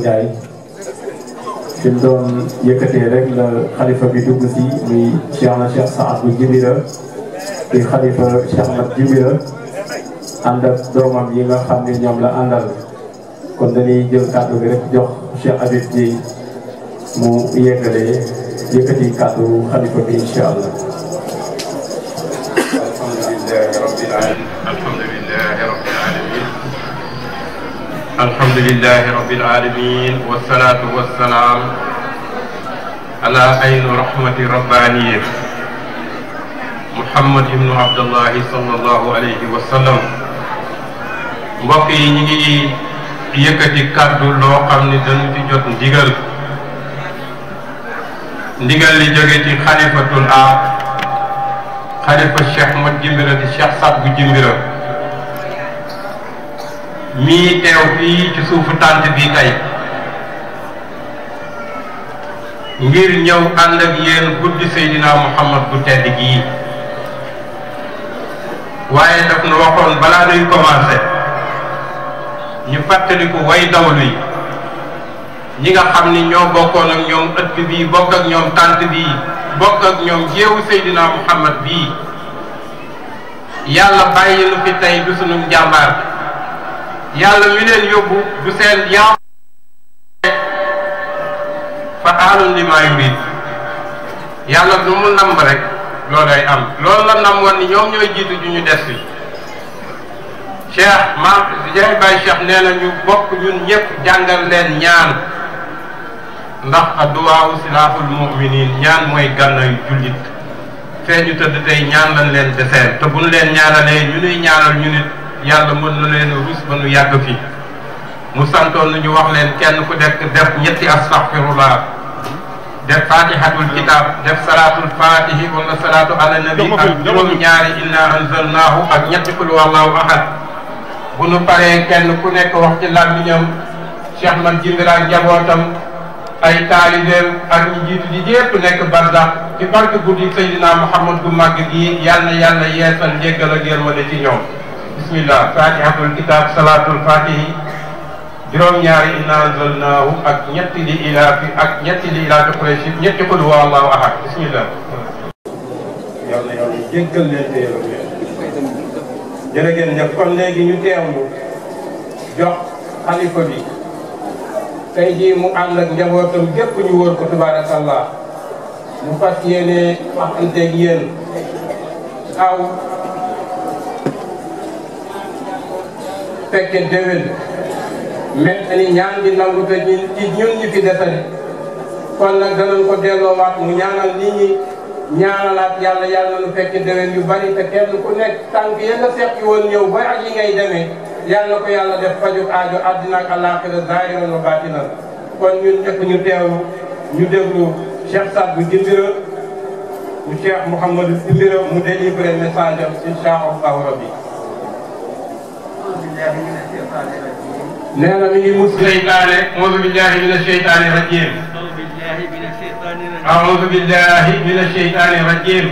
Ndiaye fi mu la xalifa bi dugg si muy Cheikh na Cheikh Saad bu xalifa Cheikh Mat Djimbira ànd ak doomam yi nga xam ne ñoom la àndal kon dañuy jël kàddu bi rek jox Cheikh Habib ji mu yeggalee yëkkati kàddu xalifa bi incha الحمد لله رب العالمين والصلاة والسلام على أين رحمة ربانية محمد بن عبد الله صلى الله عليه وسلم وقيني يكتي كاردو لو قمني دنتي جوت ديغل ديغل لي خليفة الآب خليفة الشيخ مجمبرة الشيخ صاحب جمبرة, دي صاحب جمبرة. mii teew fii ci suufu tànt bi tey ngir ñëw ànd ak yéen guddi Seydina Muhammad bu tedd gii waaye daf nu waxoon balaa nuy commencé ñu fàttaliku way dawlu yi ñi nga xam ni ñoo bokkoon ak ñoom ëtt bii bokk ak ñoom tànt bii bokk ak ñoom jéewu Seydina Muhammad bii yàlla bàyyi nu fi tey du sunu njàmbaar yàlla mi leen yóbbu du seen yaam fa aalun li yàlla du mu namb rek loolay am loolu la nam woon ni ñoom ñooy jiitu ju ñu des fi cheikh maam jaay baay cheikh nee na ñu bokk ñun ñëpp jàngal leen ñaan ndax adduwaawu silaahul muminin ñaan mooy gànnaayu jullit fee ñu tëdd tey ñaan lañ leen deseen te buñ leen ñaanalee ñu nuy ñaanal ñu nit yàlla mën na leen rus ba nu yàgg fi mu santoon nañu wax leen kenn ku dekk def ñetti astaghfirullah def fatihatul kitab def salaatul fatihi wala salaatu ala nabi ak juróom ñaari inna anzalnaahu ak ñetti qul wallahu ahad bu nu paree kenn ku nekk wax ci làmmiñam cheikh man jindiraak njabootam ay taalibeem ak ñi jiitu di nekk barsax ci barke guddi Seydina Muhammad gu màgg gi yàlla yàlla yeesal njéggal ak yërmande ci bismillah fatihatul kitab salaatul fatihi juróom-ñaari inna anzalnaahu ak ñetti li ilaafi ak ñetti li ilaafi huwa allahu ahad bismillah yàlla yàlla jéggal ñu teewlu jox xalifa bi tey jii mu ànd ak njabootam gépp ñu wóor ko tabaarakallah mu fas yéene waxanteeg yéen aw fekke déwén mel ni ñaan bi nangu te ñun ci ñun kon nag danañ ko delloowaat mu ñaanal nit ñi ñaanalaat yàlla yàlla nu fekk déwén yu bari te kenn ku nekk tànk ya nga seq ñëw ba ak yi ngay demee yàlla ko yàlla def faju aajo àddina ak àllaaxira zaahiran wa kon ñun ñëpp ñu teewu ñu déglu Cheikh Saad bu Djimbira bu Cheikh Mouhamadou Djimbira mu délivrer message am incha allahu rabbi nee na mi ngi mus seytaane auzu billahi min asheytaani rajim auzu billahi min asheytaani rajim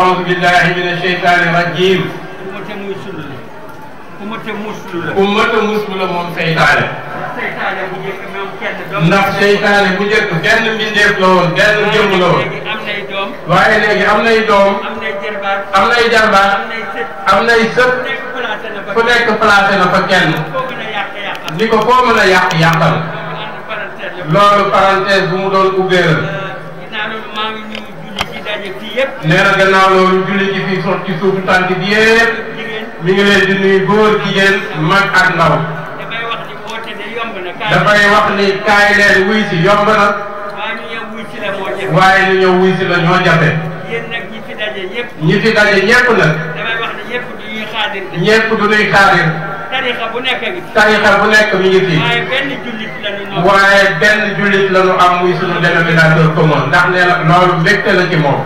auzu billahi min asheytaani rajim ummata muslu la moom seytaane ndax seytaane bu njëkk benn mbindeef la woon benn jëmm la woon waaye léegi am nay doom am nay jarbaar am nay sët ku nekk placé na fa kenn ni ko foo mën a yàq yàqal loolu parenthèse bu mu doon ubbee euh, nee na gannaaw loolu julli ci fii sox ci suufu tànk bi yépp mi ngi leen di nuyu góor jigéen mag ak ndaw dafay wax ni kaay leen wuy si yomb na. waaye li ñëw wuy si la ñoo jafe. ñi fi daje ñëpp. fi daje ñëpp nag. damay wax ni ñëpp du ñuy du ñuy xaadir. tarixa bu nekk mi. tarixa ngi fi. waaye benn jullit la ñu am. waaye benn jullit la ñu am muy ndax nee na loolu mbégte la ci moom.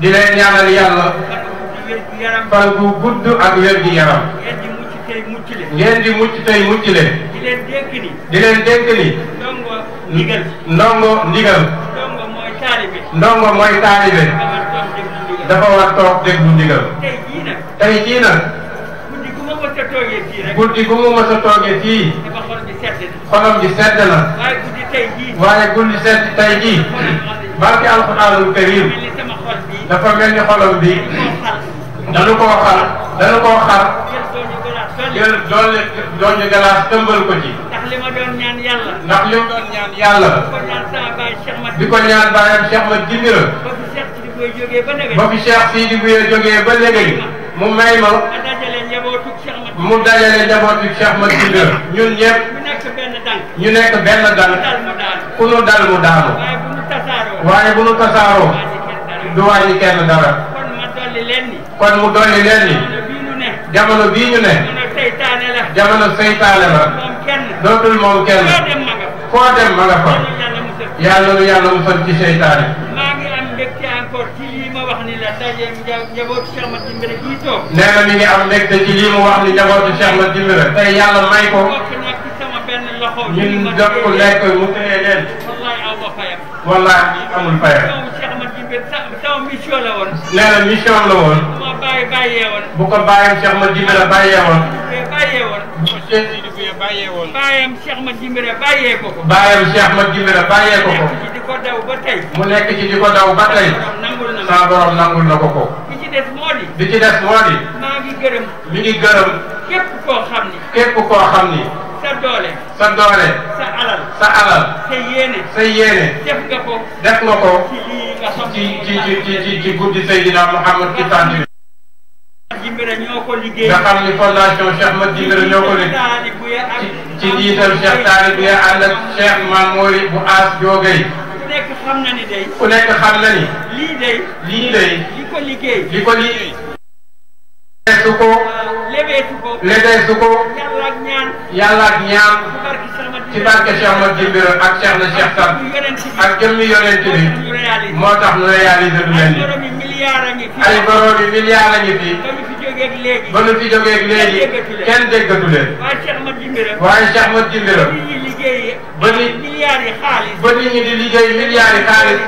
di leen ñaanal yàlla. fan bu gudd ak wér gi yaram. ngeen di mucc tey mucc leen. di leen dénk ni. ndongo ndigal. ndongo mooy taalibe. ndongo mooy taalibe. dafa war toog déglu ndigal. tey jii guddi gu ma mës a toogee bi sedd waaye guddi sedd tey jii. barke alxuraanul karim. dafa mel ni xolam bi. danu koo xar danu koo xar. jël doole doole galaas tëmbal ko ci. ndax li ma doon ñaan yàlla. ndax ko ñaan sama baay Cheikh Mat. di ko ñaan baayam Cheikh Mat Djimbira. ba fi Cheikh Sidi Bouya fi Cheikh Sidi ba léegi mu may ma. mu dajale njabootu Cheikh Mat Djimbira ñun ñëpp. ñu nekk benn dànk. ñu nekk benn dànk. ku nu dal mu daanu. waaye bu nu tasaaroo. waaye bu nu tasaaroo. du wàññi kenn dara. kon mu dolli leen ni. jamono bii ñu ne. seytaane la jamono seytaane la dootul moom kenn foo dem ma nga fa yàlla lu yàlla musal ci seytaane maa ngi am mbégte encore ci lii ma wax ni la daje njabootu Cheikh Mat Jimbira gii toog nee na mi ngi am mbégte ci lii mu wax ni njabootu Cheikh Mat Jimbira tey yàlla may ko ñun jot ko lekk mu tëye leen wallaay amul fayam moom mission la woon. nee na mission la woon. bu ma bàyyi bàyyee woon. bu ko bàyyam Cheikh ma dimbale bàyyee woon. bàyyee woon. bàyyee woon. bàyyam Cheikh ma dimbale bàyyee ko ko. bàyyam Cheikh ma dimbale bàyyee ko ko. mu nekk ci di ko daw ba tey. mu nekk ci di ko daw ba tey. saa borom nangul na ko ko. bi ci des moo di. bi ci des moo di. maa ngi gërëm. mi ngi gërëm. képp koo xam ni. képp koo xam ni. sa doole. sa sa alal. sa def nga ko. def nga ko. ci lii nga soxla ci ci ci ci guddi Seydina Mouhamed ci tànn bi. Jimbira ci ci njiital Cheikh Taali bi ànd ak Cheikh Mamori legeesu ko legeesu ko yàlla ak ñaan ci barke Cheikh Ahmad Jimbira ak Cheikh na Cheikh Tan ak jëmmi yonent bi moo tax nu réaliser du mel ni ay borom yi a ngi fi ba nu fi jógeeg léegi kenn déggatu leen waaye Cheikh Ahmad Jimbira ba ba nit ñi di liggéey milliards xaalis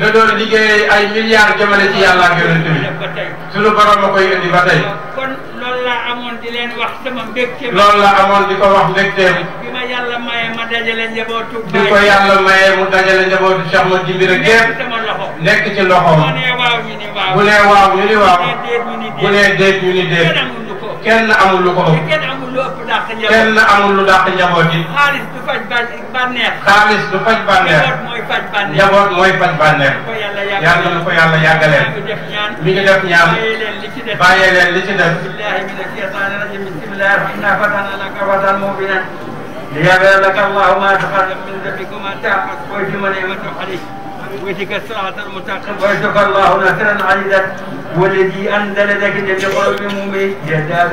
da doon liggéey ay milliards jëmale ci yàlla ak yonent bi suñu borom ma koy indi ba tey. kon loolu laa amoon di leen wax sama mbégte. loolu la amoon di ko wax mbégteem. bi ma yàlla maye ma dajale njabootu. bi ko yàlla maye mu dajale njabootu Cheikh ma jimbira gépp. nekk ci loxoom. bu nee waaw ñu ni waaw. bu nee waaw ñu ni waaw. bu nee déet ñu ni déet. kenn amul lu ko ëpp. kenn amul lu ëpp dàq njaboot kenn amul lu dàq njaboot yi. xaalis du faj bànneex. xaalis du faj bànneex. njaboot mooy faj bànneex. njaboot mooy faj bànneex. yàlla na ko yàlla yàggaleen. mi ngi def ñaan bàyyee leen li ci def. ليغفر لك الله ما تقدم من ذنبك وما تأخر ويتم نعمته عليك ويتك الصراط المستقيم ويرزق الله نصرا عزيزا والذي انزل ذاك الذي قلوب المؤمنين يزداد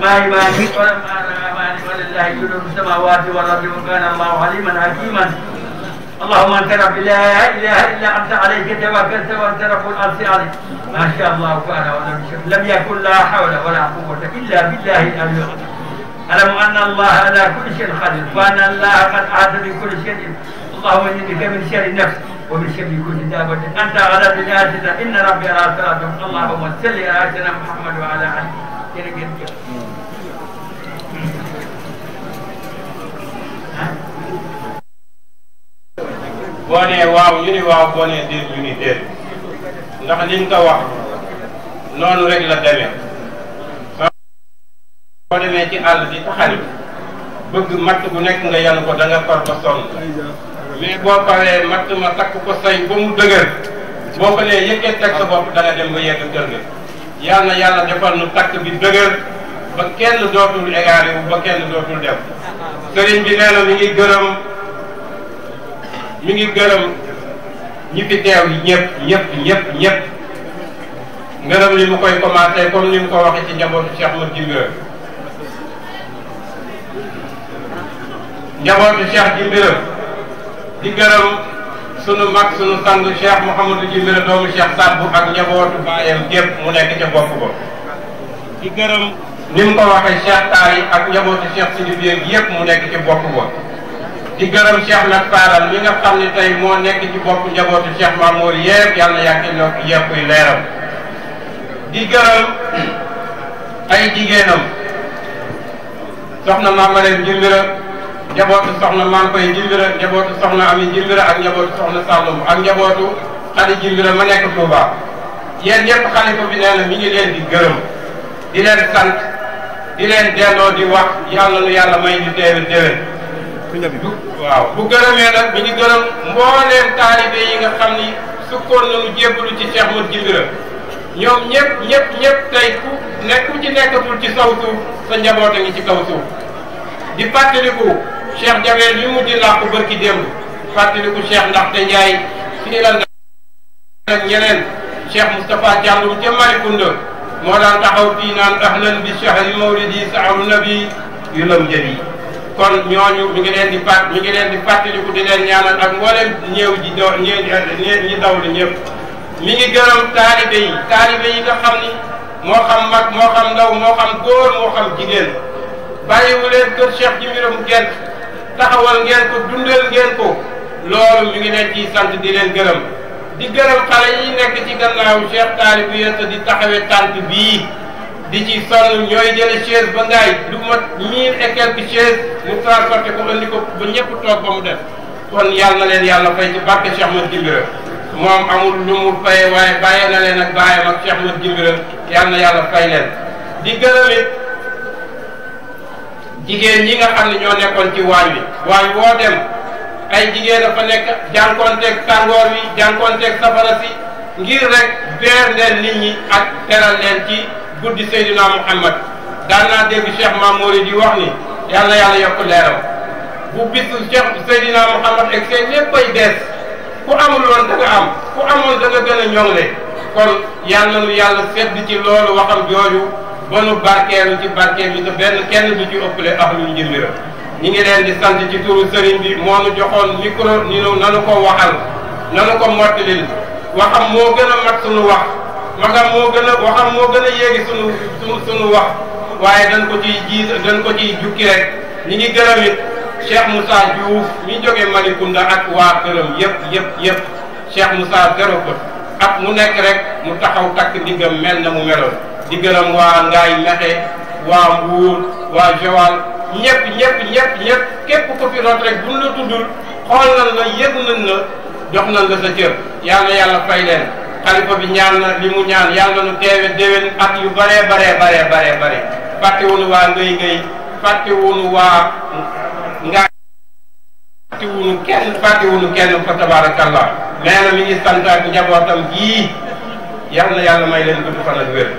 ما مع ايمانه ولما ولله جنود السماوات والارض وكان الله عليما حكيما اللهم انت رب لا اله الا انت عليك توكلت وانت رب الارض عليك ما شاء الله كان ولم لم يكن لا حول ولا قوه الا بالله العلي ألم أن الله على كل شيء قدير وأن الله قد أعاد بكل شيء اللهم انك من شر النفس ومن شر كل دابة أنت على بنياتنا إن ربي على صراطهم اللهم صل على سيدنا محمد وعلى آله جل boo nee waaw ñu ni waaw boo nee déet ñu ni déet ndax liñ ko wax noonu rek la demee boo ci àll di taxari bëgg matt bu nekk nga yanu ko da nga ba sonn mais boo paree matt ma takk ko say ba mu dëgër boo ko nee yëkkee teg sa bopp da dem ba yegg kër ga yal na yàlla defal nu takk bi dëgër ba kenn dootul égaré wu ba kenn dootul dem sëriñ bi nee na mi ngi gërëm mi ngi gërëm ñi fi teew ñëpp ñëpp ñëpp ñëpp ngërëm li mu koy commencé comme ni mu ko waxee ci njabootu Cheikh Mat Djimbira njabootu Cheikh Djimbira di gërëm sunu mag sunu sang mu Mouhamadou Djimbira doomu Cheikh Sadbu ak njabootu baayam gépp mu nekk ca bopp ba di gërëm ni mu ko waxee Cheikh Taari ak njabootu Cheikh Sidi Biir yëpp mu nekk ci bopp ba di gërëm Cheikh nag Faaral mi nga xam ne tey moo nekk ci bopp njabootu Cheikh Mamour yëpp yàlla yàqi nokk yëpp yi leeram di gërëm ay jigéenam soxna Mame Marème njabootu soxna Mankoy Djimbira njabootu soxna Ami Djimbira ak njabootu soxna Saloum ak njabootu xale Djimbira ma nekk Touba yéen ñëpp xalifa bi nee na mi ngi leen di gërëm di leen sant di leen delloo di wax yàlla nu yàlla may ñu teewe déwén waaw bu gërëmee nag mi ngi gërëm mbooleem taalibe yi nga xam ni sukkoon nañu jébbalu ci Cheikh Mat Djimbira ñoom ñëpp ñëpp ñëpp tey ku nekk ku ci nekkatul ci saw suuf sa njaboot a ngi ci kaw suuf di fàttaliku cheikh jagleel bi mujj làqu barki démb fàttaliku cheikh ndaxte Ndiaye fii la ak ñeneen cheikh Moustapha Thiandoum ca Malikounda moo daan taxaw fii naan ahlan bi shahri mawlidi sahru nabi yu lam jëbi kon ñooñu ñu ngi leen di fàtt ñu ngi di leen ñaanal ak mboolem ñëw ji do ñëw ñi daw li ñëpp mi ngi gërëm taalibe yi taalibe yi nga xam ni moo xam mag moo xam ndaw moo xam góor moo xam jigéen bàyyiwu leen kër cheikh ji mbiram gent taxawal ngeen ko dundal ngeen ko loolu mi ngi nekk ci sant di leen gërëm di gërëm xale yi nekk ci gannaaw Cheikh Taalib Yenta di taxawee tant bii di ci sonn ñooy jële chaise ba ngaay du mat mille et quelques chaise mu transporté ko andi ko ba ñëpp toog ba mu def kon yàlla na leen yàlla fay ci bàkke Cheikh Mat Jimbira moom amul lu mu fay waaye bàyyi na leen ak bàyyi ak Cheikh Mat Jimbira yàlla na yàlla fay leen di gërëm it jigéen ñi nga am ne ñoo nekkoon ci waañ wi waañ woo dem ay jigéen dafa nekk jànkoonteeg tàngoor wi jànkoonteeg safara si ngir rek beer leen nit ñi ak teral leen ci guddi Seydina Muhammad daan naa dégg Cheikh Mamouri di wax ni yàlla yàlla yokk leeram bu bisu Cheikh Seydina Muhammad ak seen léppay bees ku amul woon am ku amoon da nga gën a kon yàlla nu yàlla sedd ci loolu waxam jooju ba nu barkeelu ci barkeel bi benn kenn du ci ëppale ahlul jëmmira ñi ngi leen di sant ci turu sëriñ bi moo nu joxoon micro ni nu nanu ko waxal nanu ko mottalil waxam moo gën a mat sunu wax magam moo gën a waxam moo gën a yéegi sunu sunu sunu wax waaye dañ ko ciy jiis dañ ko ciy jukki rek ñi ngi gërëm it Cheikh Moussa Diouf mi jóge Malicounda ak waa këram yëpp yëpp yëpp Cheikh Moussa gërëm ko ak mu nekk rek mu taxaw takk ndiggam mel na mu meloon di gërëm waa Ngaay Mexe waa Mbuur waa Joal ñëpp ñëpp ñëpp ñëpp képp ko fi root rek buñ la tuddul xool nañ la yëg nañ la jox nañ la sa cër yàlla yàlla fay leen xalifa bi ñaan li mu ñaan yàlla nu teewe déwén at yu baree baree baree baree bare fàtte wunu waa ngay ngay fàtte wunu waa ngaay kenn fàtte wunu kenn mi ngi santaat njabootam gii yàlla yàlla may leen gudd fan wér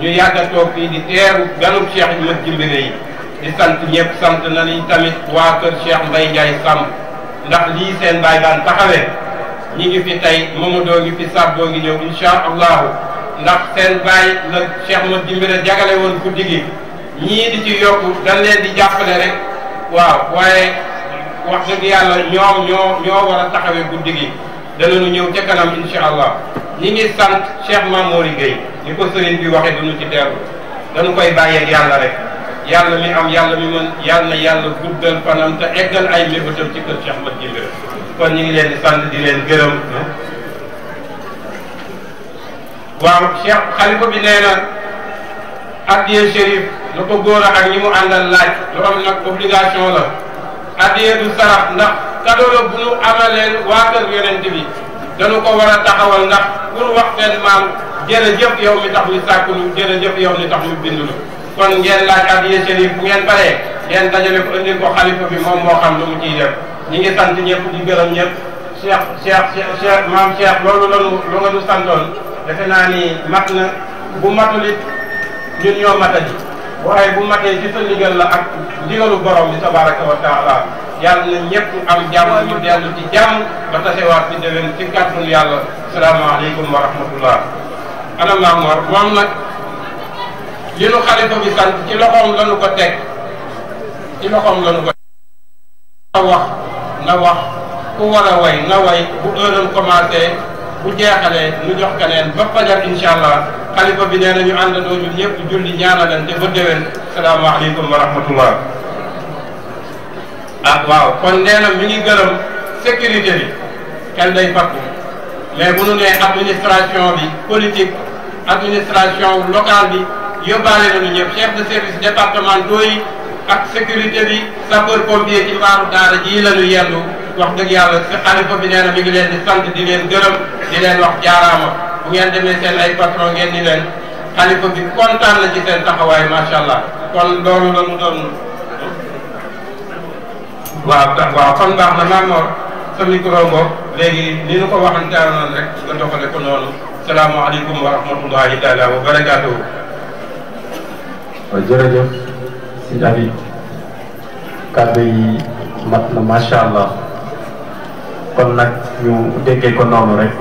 ñu yàgg a toog fii di teeru ganub Cheikh Ahmed Djimbira yi di sant ñëpp sant nañu tamit waa kër Cheikh Mbaye Ndiaye Samb ndax lii seen baay daan taxawee ñi ngi fi tey Mamadou ngi fi Sàbboo ngi ñëw insha allahu ndax seen baay la Cheikh Ahmed Djimbira jagale woon guddi gi ñii di ci yokku dañ leen di jàppale rek waaw waaye wax dëgg yàlla ñoom ñoo war a taxawee guddi gi danañu ñëw ca kanam incha allah ñi ngi sant Cheikh Mamour Gueye ni ko sëriñ bi waxee duñu ci teeru dañu koy bàyyeeg yàlla rek yàlla mi am yàlla mi mën yàlla yàlla guddal fanam te eggal ay mébétam ci kër Cheikh Mat Jimbira kon ñu ngi leen di sant di leen gërëm waaw Cheikh xalifa bi nee na addiye Chérif lu ko góor a ak ñi mu àndal laaj lu am nag obligation la addiya du sarax ndax cadeau bu nu amaleen waa kër yonent bi dañu ko war a taxawal ndax pour wax maam jërëjëf yow mi tax ñu sàkkulu jërëjëf yow mi tax ñu bindulu kon ngeen laaj addiya chérif bu ngeen paree ngeen dajale ko indil ko xalifa bi moom moo xam lu mu ciy def ñi ngi sant ñëpp di gërëm ñëpp cheikh cheikh cheikh maam cheikh loolu lanu lu nga santoon defe naa ni mat na bu matul it ñun ñoo matali waaye bu matee ci sa la ak ndigalu borom bi tabaraka wa taala yàlla na ñëpp am jàmm ñu dellu ci jàmm ba tasewaat ci déwén ci kàttanu yàlla salaamaaleykum wa rahmatullah ana maam moom nag li nu xalifa bi sant ci la nu ko teg ci loxoom la nu ko na wax na wax ku war a way na way bu heure am bu jeexalee nu jox keneen ba fajar incha xalifa bi nee na ñu àndandoo ñun ñëpp julli ñaanalante ba déwén salaamaaleykum wa rahmatullah ah, waaw kon nee na mi ngi gërëm sécurité bi kenn day fàttu mais bu ñu nee administration bi politique administration locale bi yóbbaale nañu ñëpp chef de service départementaux yi ak sécurité bi sapeur pompier ci mbaaru daara jii la ñu yendu wax dëgg yàlla si xalifa bi nee na mi ngi leen di sant di leen gërëm di leen wax jaaraama. ngeen demé sen ay patron ngeen ni len khalifa bi kontaan la ci sen taxaway ma sha allah kon doon la mu doon wa tax wa fan baax na maam mo sa micro mo léegi ni ñu ko waxan waxante noonu rek nga doxale ko non assalamu alaykum wa rahmatullahi taala wa barakatuh waaw jërëjëf si David kàddu yi mat na macha allah kon nak ñu déggé ko nonu rek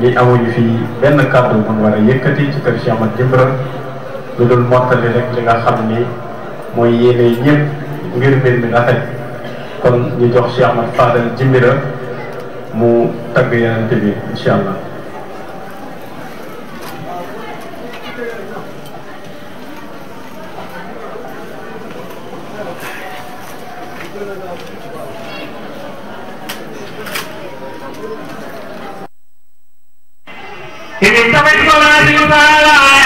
li amuñu fi benn kàddu bu ñu war a ci kër Cheikh Ahmad Dimbira lu dul mottali rek li nga xam ni mooy yéene ñëpp ngir mbir mi rafet kon ñu jox Cheikh Ahmad Fadal Dimbira mu tagg Yonent bi incha allah. Também então escolar de falar,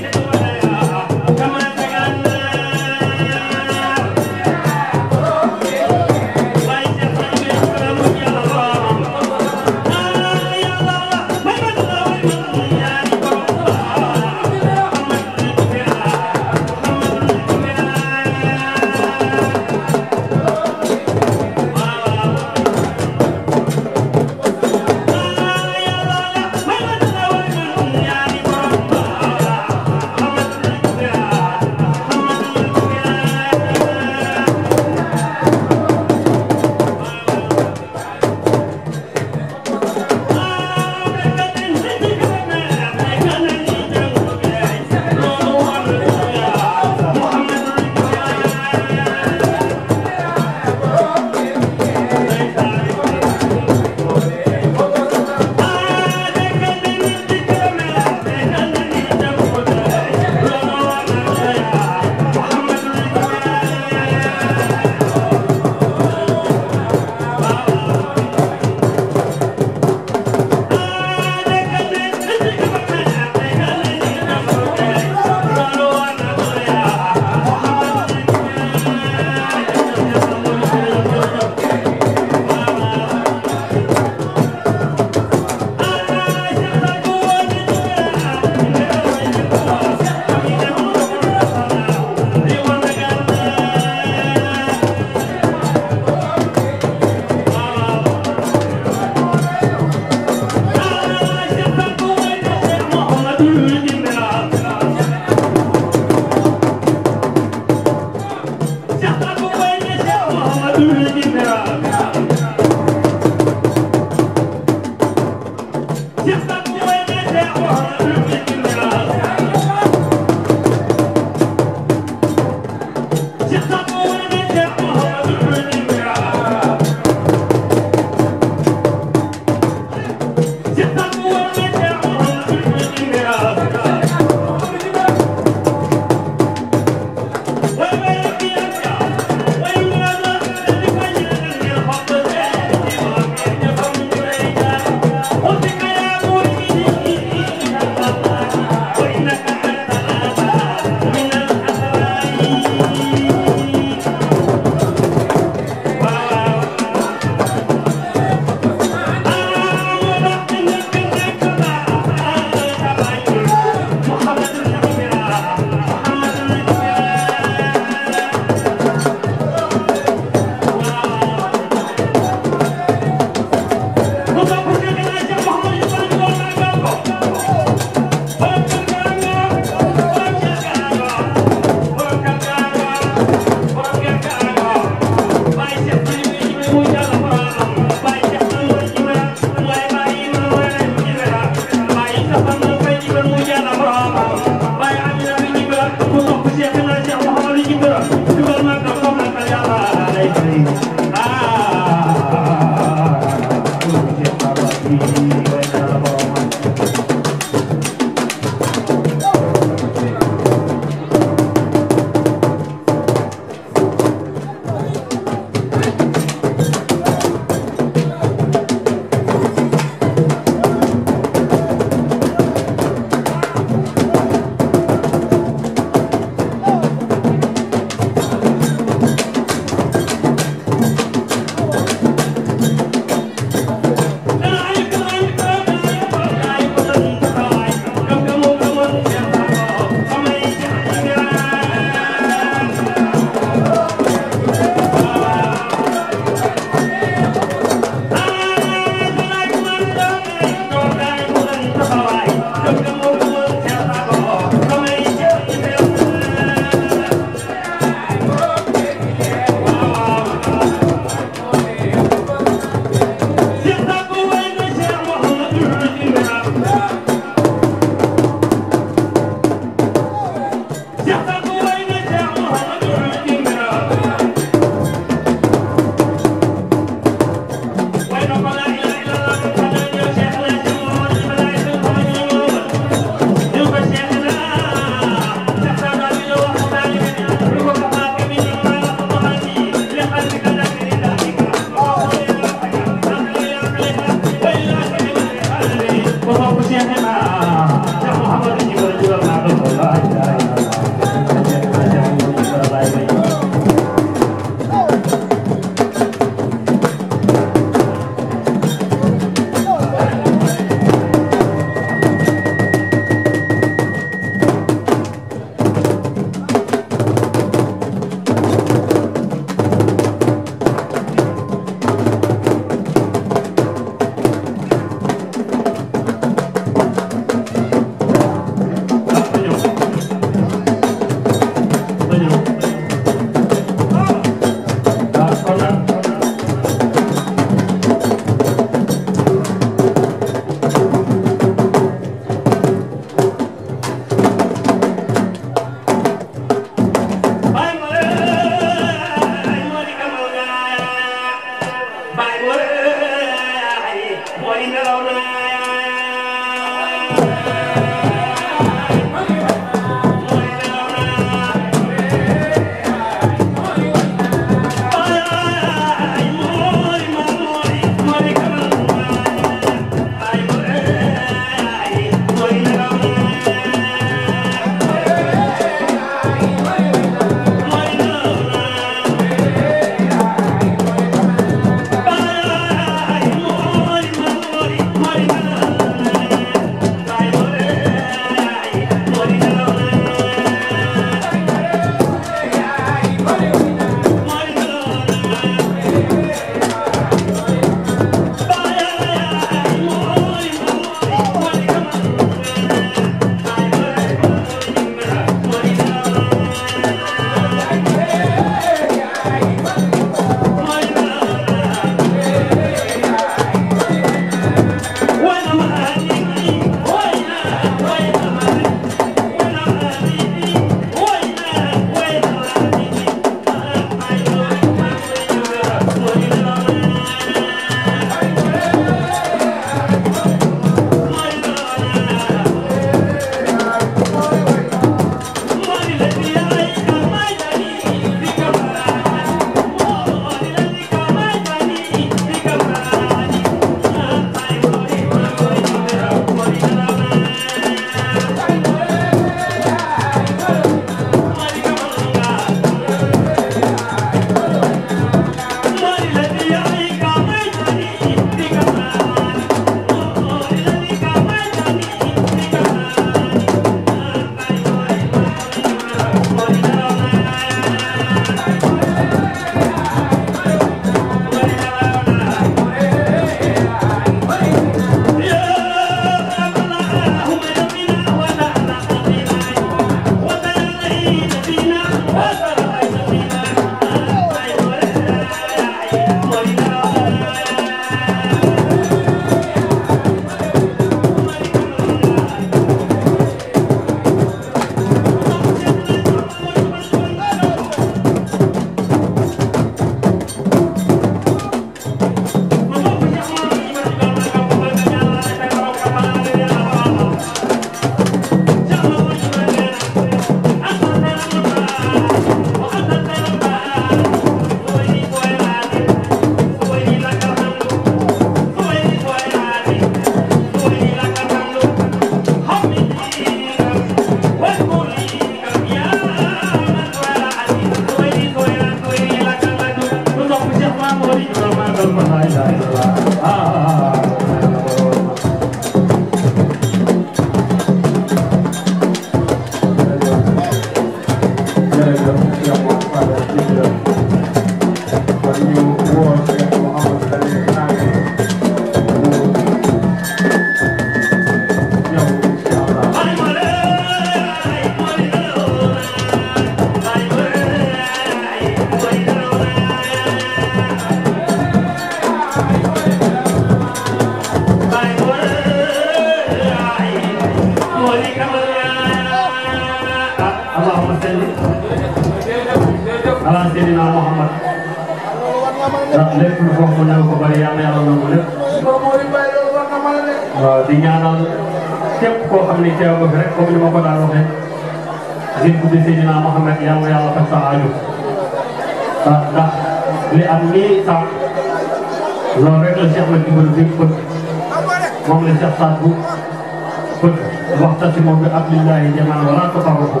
ci moom bi abdillahi jamaan wala tafarruqu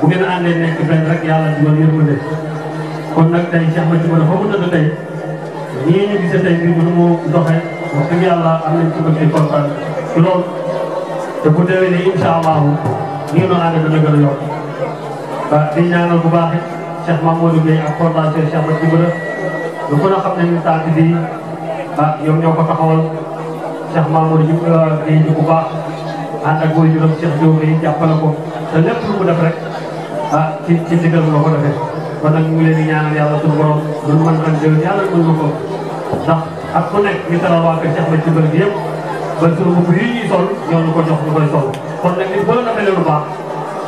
bu ngeen àndee nekk benn rek yàlla dugal yërmande kon nag tey Cheikh Mathiouma dafa mu tëdd tey nii ñu gisee tey bii mënu mu doxee wax dëgg yàlla am nañ ci bëgg di kontaan ci loolu te bu déwénee incha allahu nii noonu ànd dana gën a yokk di ñaanal bu baax it Cheikh Mamadou Gueye ak coordonnateur Cheikh Mathiouma lu mën a xam ne ni taat bi ah ñoom ñoo ko taxawal Cheikh Mamadou Gueye bu baax. ànd ak woy juróom Cheikh Diop yi jàppale ko te lépp lu mu def rek ah ci ci ndigal la ko defee kon nag ñu ngi leen di ñaanal yàlla suñu borom lu mu mën ren jëlee yàlla mën na ko ndax ak ku nekk ñu teral waa kër Cheikh ba ci bërëb bi yëpp ba suñu mbubb yi ñuy sol ñoo ñu ko jox ñu koy sol kon nag nit boo defee lu baax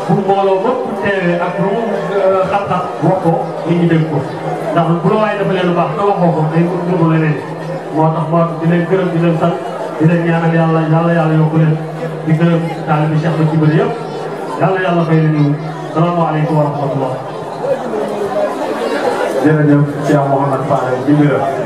pour mbooloo ba pour teewee ak lu mu euh, xam-xam wax ko nit ñi dégg ko ndax bu la waaye defalee lu baax te waxoo ko day gëm leneen moo tax moo di leen gërëm di leen sant di leen ñaanal yàlla yàlla yàlla yokku leen di gërëm taalibe Cheikh ba ci bëri yëpp yàlla yàlla fay nañu salaamaaleykum wa rahmatullah jërëjëf Cheikh Mouhamed Fall di gërëm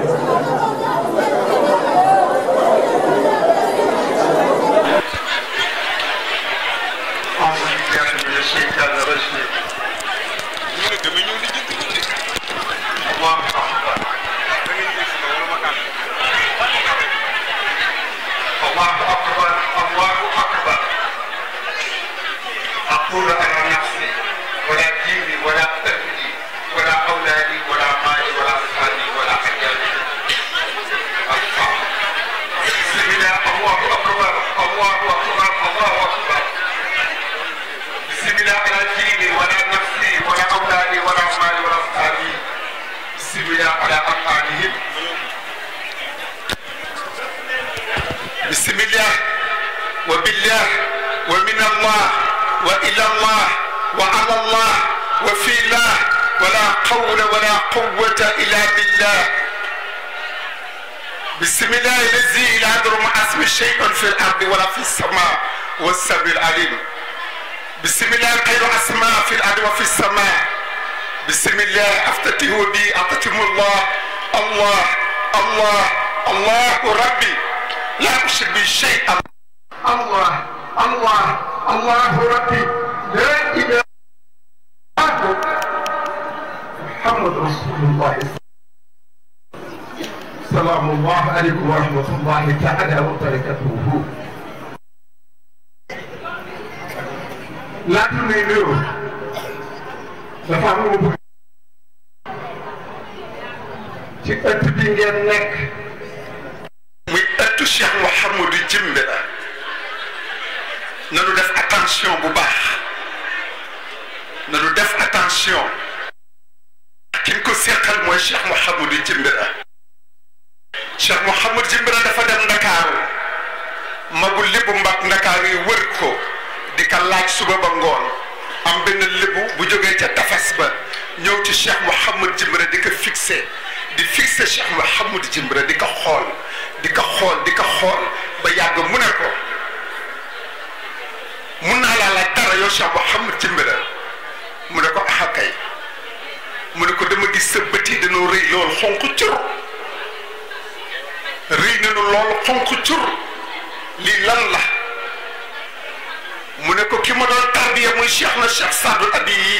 mu ne ko ki ma doon tarbiya muy cheikh na cheikh Saadu Abi yi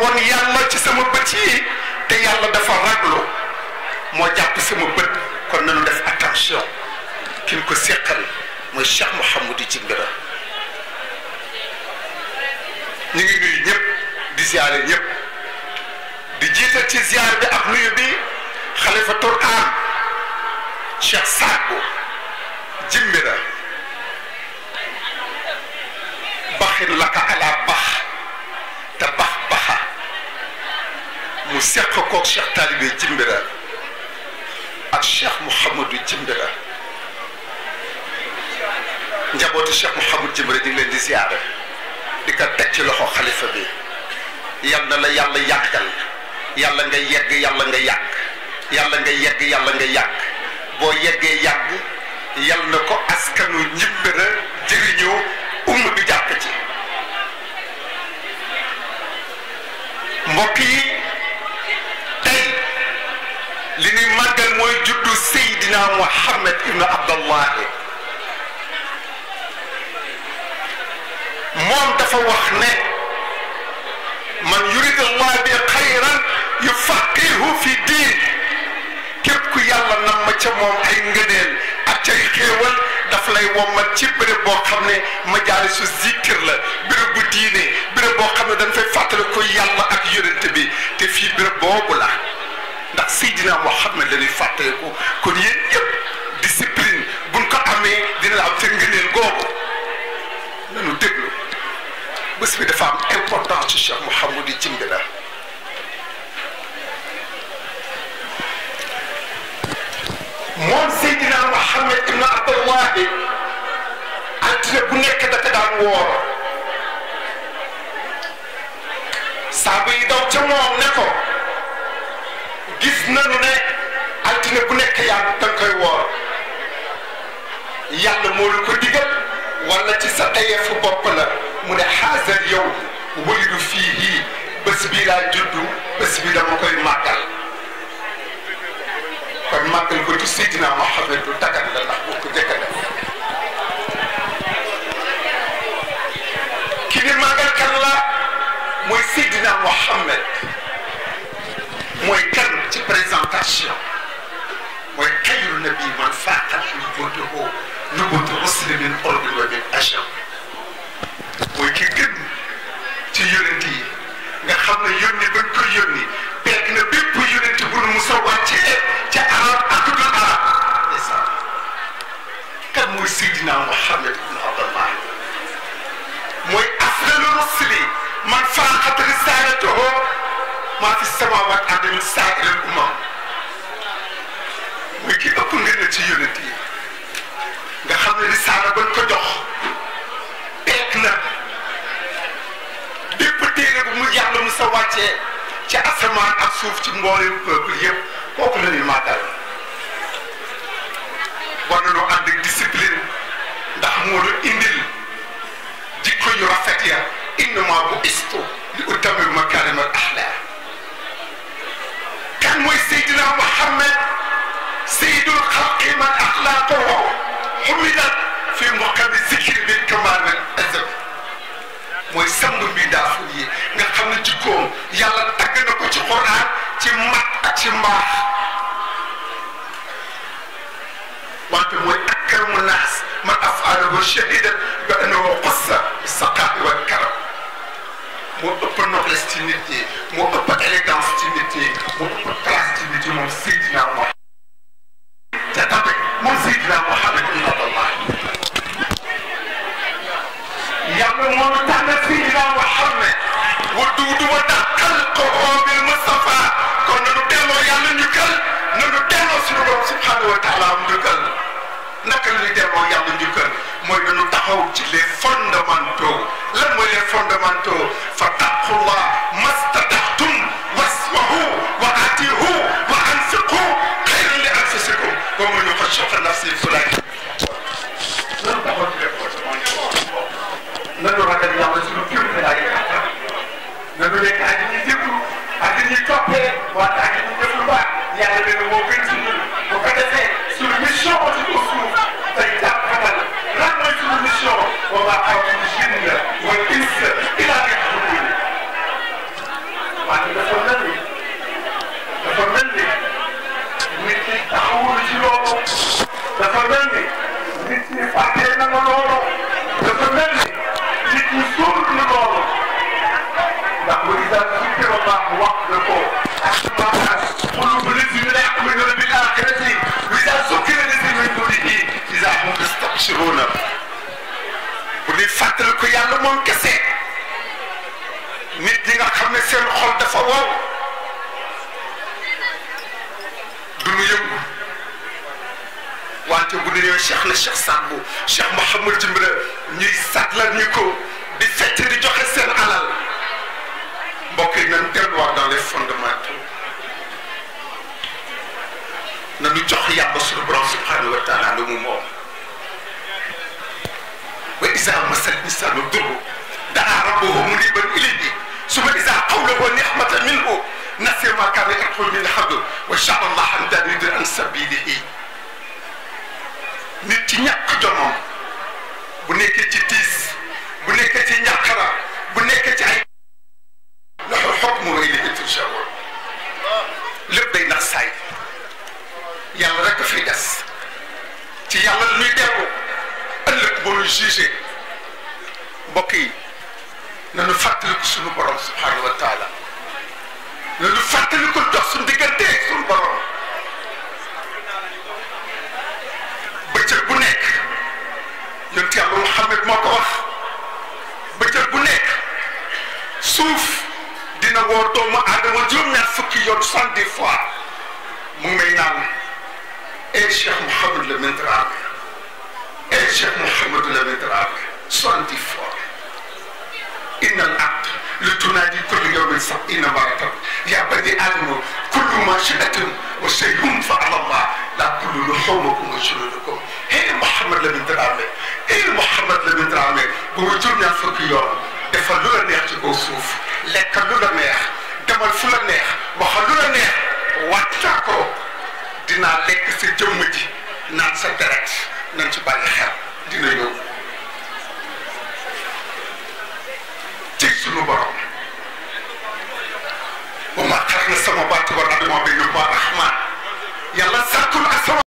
won yàlla ci sama bët yi te yàlla dafa raglu moo jàpp sama bët kon nañu def attention ki ñu ko seqal mooy cheikh Mouhamadou Djimbira ñu ngi nuyu ñëpp di ziare ñëpp di jiital ci ziar bi ak nuyu bi xalifatul am cheikh Saadu Djimbira axir laka ala bax mu seq ak Cheikh Mouhamadou Djimbira njabootu Cheikh Mouhamadou Djimbira ñu leen di ziare di teg ci loxo xalifa bi yal na la yàlla yàggal yàlla nga yegg yàlla nga yàgg yàlla nga yegg yàlla nga yàgg boo yeggee yàgg yal na ko askanu Djimbira jëriñoo umma du jàpp ci mbokk yi tey li ñuy màggal mooy juddu Seydina Muhammad ibn Abdallahi moom dafa wax ne man yurid allah bi xayran yufaqihu fi diin képp ku yàlla nam ma moom ay ngëneel ak cay xéewal daf lay wommat ci béréb boo xam ne majaalisu zikir la béréb bu diine béréb boo xam ne dañ fay fàttali ko yàlla ak yonent bi te fii béréb boobu la ndax Seydina Muhammad la ñuy fàttaliku kon yéen ñëpp discipline buñ ko amee dina la am seen ngëneel googu nanu déglu bés bi dafa am importance ci Cheikh Mouhamadou Djimbira moom Seydina Mouhamed ibn Abdallahi altine bu nekk dafa daan woor saaba yi daw ca moom ne ko gis nanu ne altine bu nekk yàlla da koy woor yàlla moo la ko digal wala ci sa tayeefu bopp la mu ne xaasal yow wëlidu fii yii bés bii laa juddu bés bi dama koy kon màggal ko ci Seydina Mohamed du dagan la ndax bu ko njëkk a def ki ni màggal kan la mooy Seydina Mohamed mooy kan ci présentation mooy xayru nabi man faaqat nubuwwatahu man faaxat risalatahu maa fi samawat adami saairal umam muy ki ëpp ngeen ci yonent yi nga xam ne risaala bañ ko jox peek na bépp téere bu mu yàlla mu sa wàccee ci asamaan ak suuf ci mbooleem peuple yëpp kooku la ñuy màggal war nañoo ànd ak discipline ndax moo la indil jikko yu rafet ya إنما بعثت لأتمم مكارم الأحلام كان موي سيدنا محمد سيد الخلق من أخلاقه حمدت في مقام الذكر من كمال الأدب mooy sangu mbindaafu yi nga xam ne jikkoom yàlla tagg na ko ci xuraan ci mat ak ci mbaax wante mooy akramu naas man afaalahu shahidan bi annahu qussa bi saqaa'i wal karam moo ëpp noblesse ci nit ñi moo ëpp élégance ci nit ñi moo ëpp classe ci nit ñi moom Seydina Mohamed ca tabe moom Seydina Mohamed ibadallah yàlla moo ñu tànn Seydina Mohamed wa duudu wa dàqal ko xoobil Moustapha kon nanu delloo yàlla ñu kal nanu delloo suñu borom subhanahu wa taala mu ñu kal naka la ñuy delloo yàlla njukkal mooy dañu taxaw ci les fondamentaux lan mooy les fondamentaux fa taqullah mastataxtum wasmahu wa atihu wa anfiqu xayran li anfusikum wa man yuqa nafsi fulaay lan taxaw ci les fondamentaux nanu ragal yàlla suñu kéem laay nanu nekk ak ñi déglu ak ñi toppee wante ak ñi def lu baax yàlla benn moo gën ci ñun bu ko defee mission moo a kaw tey jàppal lan mooy suñu mission wa maa awtul jinna wal insa illaa liya'buduun waaye dafa ni dafa mel ni nit yi taxawul ci loolu dafa mel nit fàttali ko yàlla moom kese nit ñi nga xam ne seen xol dafa wow du ñu yëngu wante bu dañoo cheikh na cheikh Sadbou cheikh Mouhamad Jimbira ñuy satla ñu ko di fecc di joxe seen alal mbokk yi nañ delluwaat dans les fondements nañu jox yaa sunu borom subhanahu wa taala lu mu moom wa isaa masal insaanu durru daa rabbahu muniiban ilayhi summa isaa awlahu nixmatan minhu nasiya maa kaana yarju min al-fadl wa shaa'a llaaha an yudilla an sabiilihi nit ci ñàkk jomam bu nekkee ci tiis bu nekkee ci ñàkkara bu nekkee ci ay lahu l-hukmu wa ilayhi turja'uun lépp day nax saay yàlla rek a fiy des ci yàlla lu ñuy dellu Boy Cissé mbokk yi nañu fàttaliku suñu borom subhanahu wa taala nañu fàttaliku dox suñu diggante suñu borom bëccëg bu nekk yonent yàlla Muhammad moo ko wax bëccëg bu nekk suuf dina woor doomu aadama juróom-ñaar fukki yoon soixante fois mu ngi may naan e Cheikh Mouhamadou Lamine Drame et Cheikh Mouhamadou Lamine Dramé soixante-dix-four إن العبد لتنادي كل يوم سبعين مرة يا بني آدم كل ما شئتم وسيهم فعل الله لا كل لحومكم وجلودكم هي محمد لبن درامي هي محمد لبن درامي بوجود ناس يوم defal lu la neex ci kaw suuf lekkal lu la neex demal fu la neex waxal lu la neex wàccaa ko dinaa lekk sa jëmm ji naan sa deret nañ ci bàyyi xel dina ñëw ci suñu borom wa ma xalaqna samaawaati wal arda wa ma baynahuma rahmaan yàlla sàkkul ak sama